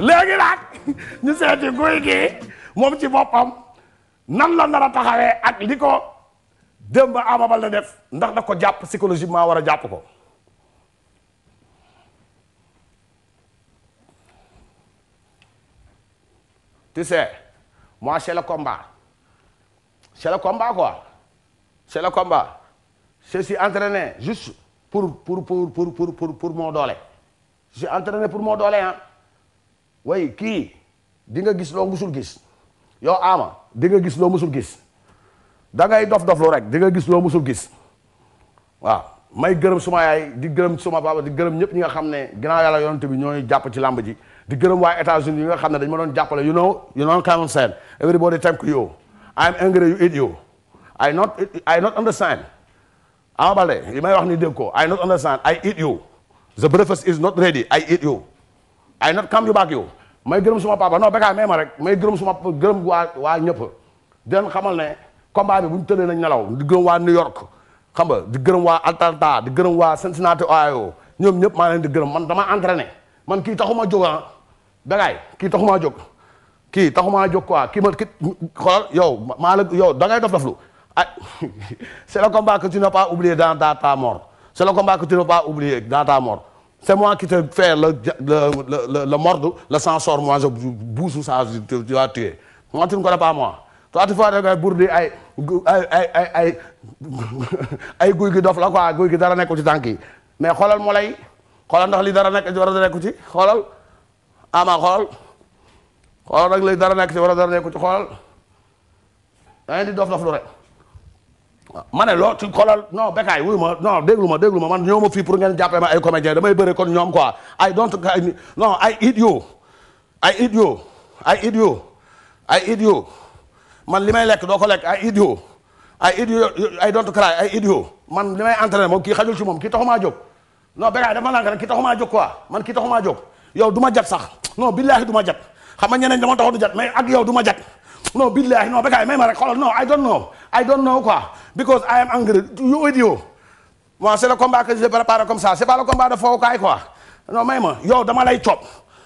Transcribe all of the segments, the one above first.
léegi nag ñu seeti guy gi moom ci boppam nan la nar a taxawee ak li ko démb Ama Baldé def ndax da ko jàpp psychologiquement war a jàpp ko. tu sais moi c'est le combat c'est le combat quoi c'est le combat je suis entraîné juste pour pour pour pour pour pour, pour mon doole je suis entraîné pour mon doole hein. way kii di nga gis loo musul gis yow ama di nga gis loo musul gis da ngay dof-dof lu rek di nga gis loo musul gis waaw may gërëm suma yaay di gërëm suma papa di gërëm ñëpp ñi nga xam ne ginnaaw yàlla yonent bi ñooy jàpp ci làmb ji di gërëm waa États-Unis yi nga xam ne dañ ma doon jàppale you know you know common sense everybody thank you I am angry you eat you I not I not understand Ama Baldé li may wax ni dégg ko I not understand I eat you the breakfast is not ready I eat you ay not kam yu baak yow may gërëm suma papa non Bécaye may ma rek may gërëm suma gërëm waa waa ñëpp di leen xamal ne combat bi bu ñu tëddee nañ nelaw di gërëm waa New York xam nga di gërëm waa Atlanta di gërëm waa Cincinnati Ohio ñoom ñëpp maa leen di gërëm man dama entraîné man kii taxuma jóg ah Bécaye kii taxumaa jóg kii taxumaa jóg quoi kii ma kii yow maa yow da ngay dof doflu ah c'est le combat que tu n'as pas oublié dans ta mort c'est le combat c'est moi qui te fais le le le le mordre le sang sort moi je bouge ça tu tu vas tuer moi tu toi tu vois da burdi ay ay ay ay ay guy gi dof la a guy gi dara nekku ci tànk yi mais xoolal mu xoolal ndax li dara nekk ci war a nekku ci xoolal ama xoolal xoolal nag li dara nekk ci war a dara nekku ci xoolal da ngeen di dof dof lu rek. ma ne loo ci xoolal non Bécaye wuyu ma no déglu ma déglu ma man ñoo ma fii pour ngeen jàppee ma ay comédien damay bëre kon ñoom quoi ay don't non ay idiot ay idiot ay ay idiot man li may lekk doo ko lekk ay idiot ay idiot ay don't cry ay idiot man li may entraîné moom kii xajul ci moom kii taxumaa jog non Bécaye dama lànk rek kii taxumaa jóg quoi man kii taxumaa jóg yow du ma jat sax non billaahi du ma jat xam nga ñeneen dama taxaw du jat mais ak yow du ma jat non billaahi non Bécaye may ma rek xoolal non I don't know I don't know because I am angry you idiot waaw c'est le combat que je prépare comme ça c'est pas le combat de fowukaay quoi non may ma yow dama lay cop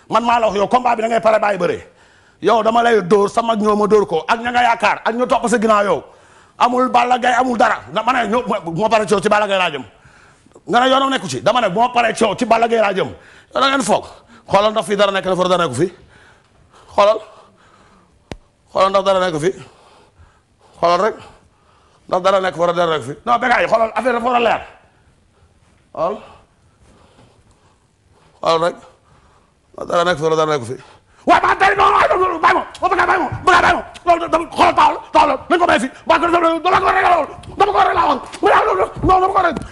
man maa la wax yow combat bi da ngay pare bàyyi bëree yow dama lay dóor sama ak ñoo ma dóor ko ak ña nga yaakaar ak ñu topp sa ginnaaw yow amul bala Gaye amul dara na ma ne moo pare coow ci Balla Gaye laa jëm nga ne yoonam nekku ci dama ne moo pare coow ci bala Gaye laa jëm yow da ngeen foog xoolal ndax fii dara nekk na fa dara nekku fi xoolal ndax dara nekk foro dara nekk fi non béykat yi xoolal affaire dafa war a leer xool xool rek dara nekk foro dara nekk fi waaye maa tey non non bàyyi ma bëgg naa bàyyi ma bëgg naa bàyyi ma loolu dama xoolal taawul taawul nañ ko bàyyi fi ba ko dama ko war a regalal dama ko war a regalal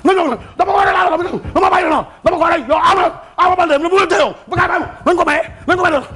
mu ne non dama ko war a na ñëw dama ko war a regalal dama bàyyi non dama ko war a yow ama ama bandem ne bu leen teyoo bëgg naa bàyyi ma nañ ko bàyyi nañ ko bàyyi